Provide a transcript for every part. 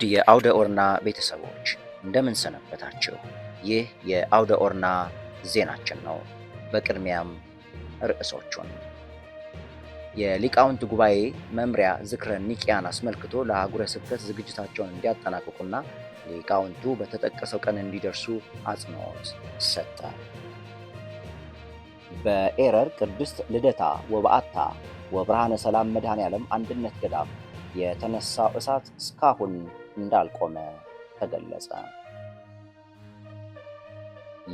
ውድ የአውደ ኦርና ቤተሰቦች እንደምን ሰነበታችሁ? ይህ የአውደ ኦርና ዜናችን ነው። በቅድሚያም ርዕሶቹን የሊቃውንት ጉባኤ መምሪያ ዝክረ ኒቂያን አስመልክቶ ለአህጉረ ስብከት ዝግጅታቸውን እንዲያጠናቅቁና ሊቃውንቱ በተጠቀሰው ቀን እንዲደርሱ አጽንኦት ሰጠ። በኤረር ቅድስት ልደታ ወበአታ ወብርሃነ ሰላም መድኃኔ ዓለም አንድነት ገዳም የተነሳው እሳት እስካሁን እንዳልቆመ ተገለጸ።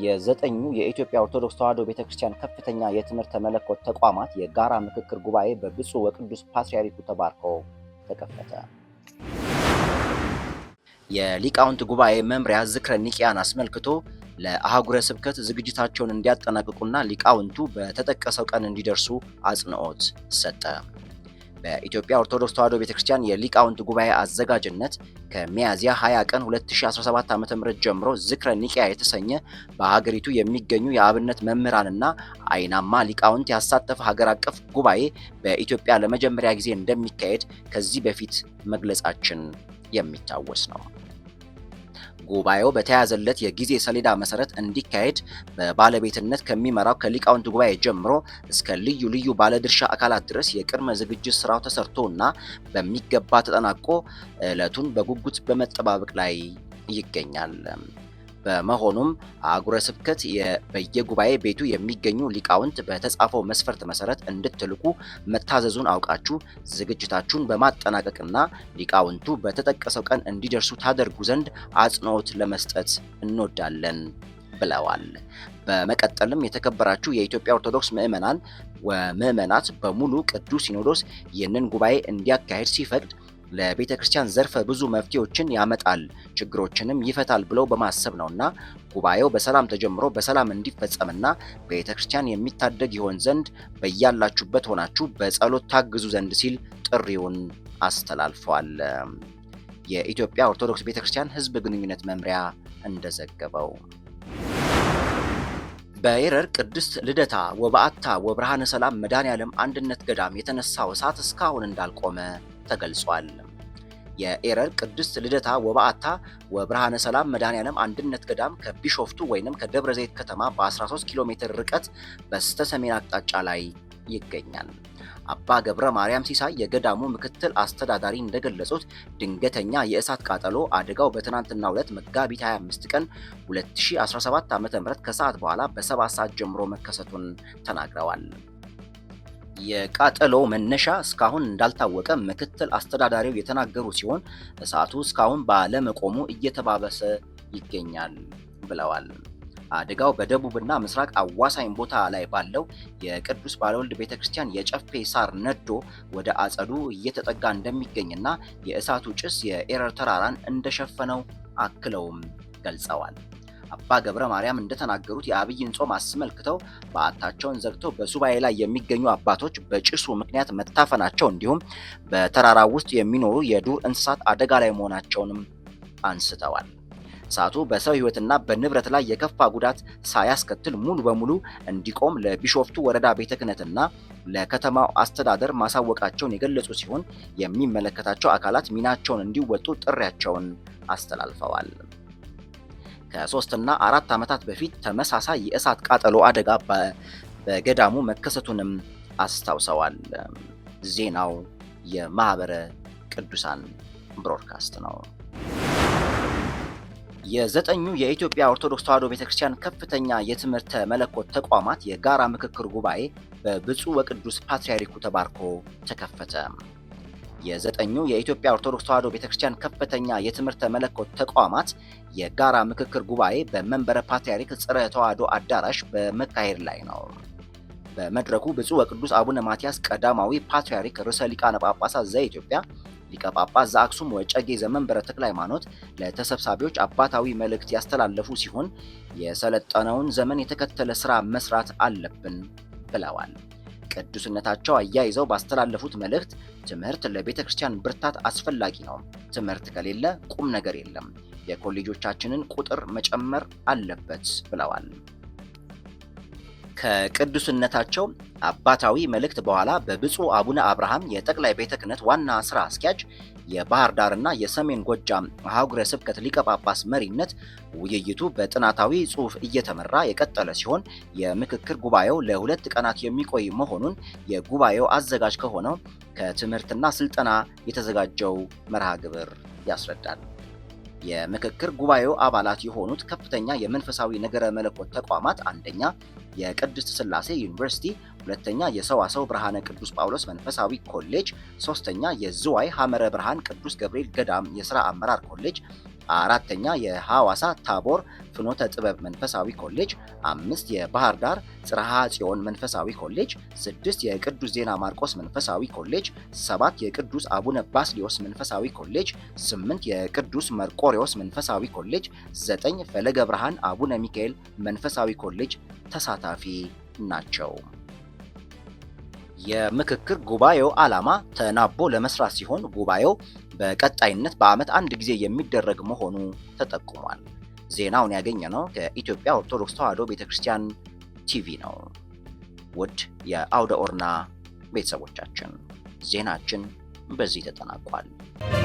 የዘጠኙ የኢትዮጵያ ኦርቶዶክስ ተዋሕዶ ቤተክርስቲያን ከፍተኛ የትምህርተ መለኮት ተቋማት የጋራ ምክክር ጉባኤ በብፁዕ ወቅዱስ ፓትርያርኩ ተባርኮ ተከፈተ። የሊቃውንት ጉባኤ መምሪያ ዝክረ ኒቅያን አስመልክቶ ለአህጉረ ስብከት ዝግጅታቸውን እንዲያጠናቅቁና ሊቃውንቱ በተጠቀሰው ቀን እንዲደርሱ አጽንኦት ሰጠ። በኢትዮጵያ ኦርቶዶክስ ተዋሕዶ ቤተክርስቲያን የሊቃውንት ጉባኤ አዘጋጅነት ከሚያዝያ 20 ቀን 2017 ዓ.ም ጀምሮ ዝክረ ኒቅያ የተሰኘ በሀገሪቱ የሚገኙ የአብነት መምህራንና አይናማ ሊቃውንት ያሳተፈ ሀገር አቀፍ ጉባኤ በኢትዮጵያ ለመጀመሪያ ጊዜ እንደሚካሄድ ከዚህ በፊት መግለጻችን የሚታወስ ነው። ጉባኤው በተያዘለት የጊዜ ሰሌዳ መሰረት እንዲካሄድ በባለቤትነት ከሚመራው ከሊቃውንት ጉባኤ ጀምሮ እስከ ልዩ ልዩ ባለድርሻ አካላት ድረስ የቅድመ ዝግጅት ስራው ተሰርቶና በሚገባ ተጠናቆ ዕለቱን በጉጉት በመጠባበቅ ላይ ይገኛል። በመሆኑም አህጉረ ስብከት በየጉባኤ ቤቱ የሚገኙ ሊቃውንት በተጻፈው መስፈርት መሰረት እንድትልኩ መታዘዙን አውቃችሁ ዝግጅታችሁን በማጠናቀቅና ሊቃውንቱ በተጠቀሰው ቀን እንዲደርሱ ታደርጉ ዘንድ አጽንኦት ለመስጠት እንወዳለን ብለዋል። በመቀጠልም የተከበራችሁ የኢትዮጵያ ኦርቶዶክስ ምእመናን ወምእመናት በሙሉ ቅዱስ ሲኖዶስ ይህንን ጉባኤ እንዲያካሄድ ሲፈቅድ ለቤተ ክርስቲያን ዘርፈ ብዙ መፍትሄዎችን ያመጣል፣ ችግሮችንም ይፈታል ብለው በማሰብ ነውና ጉባኤው በሰላም ተጀምሮ በሰላም እንዲፈጸምና ቤተ ክርስቲያን የሚታደግ ይሆን ዘንድ በያላችሁበት ሆናችሁ በጸሎት ታግዙ ዘንድ ሲል ጥሪውን አስተላልፏል። የኢትዮጵያ ኦርቶዶክስ ቤተ ክርስቲያን ሕዝብ ግንኙነት መምሪያ እንደዘገበው በኤረር ቅድስት ልደታ ወበአታ ወብርሃነ ሰላም መድኃኔ ዓለም አንድነት ገዳም የተነሳው እሳት እስካሁን እንዳልቆመ ተገልጿል። የኤረር ቅድስት ልደታ ወበአታ ወብርሃነ ሰላም መድኃኔዓለም አንድነት ገዳም ከቢሾፍቱ ወይንም ከደብረ ዘይት ከተማ በ13 ኪሎ ሜትር ርቀት በስተ ሰሜን አቅጣጫ ላይ ይገኛል። አባ ገብረ ማርያም ሲሳይ የገዳሙ ምክትል አስተዳዳሪ እንደገለጹት ድንገተኛ የእሳት ቃጠሎ አደጋው በትናንትና ዕለት መጋቢት 25 ቀን 2017 ዓ.ም ከሰዓት በኋላ በሰባት ሰዓት ጀምሮ መከሰቱን ተናግረዋል። የቃጠሎ መነሻ እስካሁን እንዳልታወቀ ምክትል አስተዳዳሪው የተናገሩ ሲሆን እሳቱ እስካሁን ባለመቆሙ እየተባበሰ ይገኛል ብለዋል። አደጋው በደቡብና ምስራቅ አዋሳኝ ቦታ ላይ ባለው የቅዱስ ባለወልድ ቤተ ክርስቲያን የጨፌ ሳር ነዶ ወደ አጸዱ እየተጠጋ እንደሚገኝና የእሳቱ ጭስ የኤረር ተራራን እንደሸፈነው አክለውም ገልጸዋል። አባ ገብረ ማርያም እንደተናገሩት የአብይን ጾም አስመልክተው በዓታቸውን ዘግተው በሱባኤ ላይ የሚገኙ አባቶች በጭሱ ምክንያት መታፈናቸው እንዲሁም በተራራ ውስጥ የሚኖሩ የዱር እንስሳት አደጋ ላይ መሆናቸውንም አንስተዋል። እሳቱ በሰው ሕይወትና በንብረት ላይ የከፋ ጉዳት ሳያስከትል ሙሉ በሙሉ እንዲቆም ለቢሾፍቱ ወረዳ ቤተ ክህነትና ለከተማው አስተዳደር ማሳወቃቸውን የገለጹ ሲሆን የሚመለከታቸው አካላት ሚናቸውን እንዲወጡ ጥሪያቸውን አስተላልፈዋል። ከሶስትና አራት ዓመታት በፊት ተመሳሳይ የእሳት ቃጠሎ አደጋ በገዳሙ መከሰቱንም አስታውሰዋል። ዜናው የማኅበረ ቅዱሳን ብሮድካስት ነው። የዘጠኙ የኢትዮጵያ ኦርቶዶክስ ተዋሕዶ ቤተክርስቲያን ከፍተኛ የትምህርተ መለኮት ተቋማት የጋራ ምክክር ጉባኤ በብፁዕ ወቅዱስ ፓትርያርኩ ተባርኮ ተከፈተ። የዘጠኙ የኢትዮጵያ ኦርቶዶክስ ተዋሕዶ ቤተክርስቲያን ከፍተኛ የትምህርተ መለኮት ተቋማት የጋራ ምክክር ጉባኤ በመንበረ ፓትርያርክ ጽረ ተዋሕዶ አዳራሽ በመካሄድ ላይ ነው። በመድረኩ ብፁዕ ወቅዱስ አቡነ ማትያስ ቀዳማዊ ፓትርያርክ ርዕሰ ሊቃነ ጳጳሳት ዘኢትዮጵያ ሊቀ ጳጳስ ዘአክሱም ወጨጌ ዘመንበረ ተክለ ሃይማኖት ለተሰብሳቢዎች አባታዊ መልእክት ያስተላለፉ ሲሆን የሰለጠነውን ዘመን የተከተለ ስራ መስራት አለብን ብለዋል። ቅዱስነታቸው አያይዘው ባስተላለፉት መልእክት ትምህርት ለቤተ ክርስቲያን ብርታት አስፈላጊ ነው። ትምህርት ከሌለ ቁም ነገር የለም። የኮሌጆቻችንን ቁጥር መጨመር አለበት ብለዋል። ከቅዱስነታቸው አባታዊ መልእክት በኋላ በብፁዕ አቡነ አብርሃም የጠቅላይ ቤተ ክህነት ዋና ስራ አስኪያጅ የባህር ዳርና የሰሜን ጎጃም አህጉረ ስብከት ሊቀ ጳጳስ መሪነት ውይይቱ በጥናታዊ ጽሑፍ እየተመራ የቀጠለ ሲሆን የምክክር ጉባኤው ለሁለት ቀናት የሚቆይ መሆኑን የጉባኤው አዘጋጅ ከሆነው ከትምህርትና ስልጠና የተዘጋጀው መርሃ ግብር ያስረዳል። የምክክር ጉባኤው አባላት የሆኑት ከፍተኛ የመንፈሳዊ ነገረ መለኮት ተቋማት አንደኛ የቅድስት ስላሴ ዩኒቨርሲቲ፣ ሁለተኛ የሰዋሰው ብርሃነ ቅዱስ ጳውሎስ መንፈሳዊ ኮሌጅ፣ ሶስተኛ የዝዋይ ሐመረ ብርሃን ቅዱስ ገብርኤል ገዳም የሥራ አመራር ኮሌጅ፣ አራተኛ የሐዋሳ ታቦር ፍኖተ ጥበብ መንፈሳዊ ኮሌጅ፣ አምስት የባህር ዳር ጽርሐ ጽዮን መንፈሳዊ ኮሌጅ፣ ስድስት የቅዱስ ዜና ማርቆስ መንፈሳዊ ኮሌጅ፣ ሰባት የቅዱስ አቡነ ባስሊዮስ መንፈሳዊ ኮሌጅ፣ ስምንት የቅዱስ መርቆሪዎስ መንፈሳዊ ኮሌጅ፣ ዘጠኝ ፈለገ ብርሃን አቡነ ሚካኤል መንፈሳዊ ኮሌጅ ተሳታፊ ናቸው። የምክክር ጉባኤው ዓላማ ተናቦ ለመስራት ሲሆን ጉባኤው በቀጣይነት በዓመት አንድ ጊዜ የሚደረግ መሆኑ ተጠቁሟል። ዜናውን ያገኘ ነው ከኢትዮጵያ ኦርቶዶክስ ተዋሕዶ ቤተክርስቲያን ቲቪ ነው። ውድ የአውደ ኦርና ቤተሰቦቻችን ዜናችን በዚህ ተጠናቋል።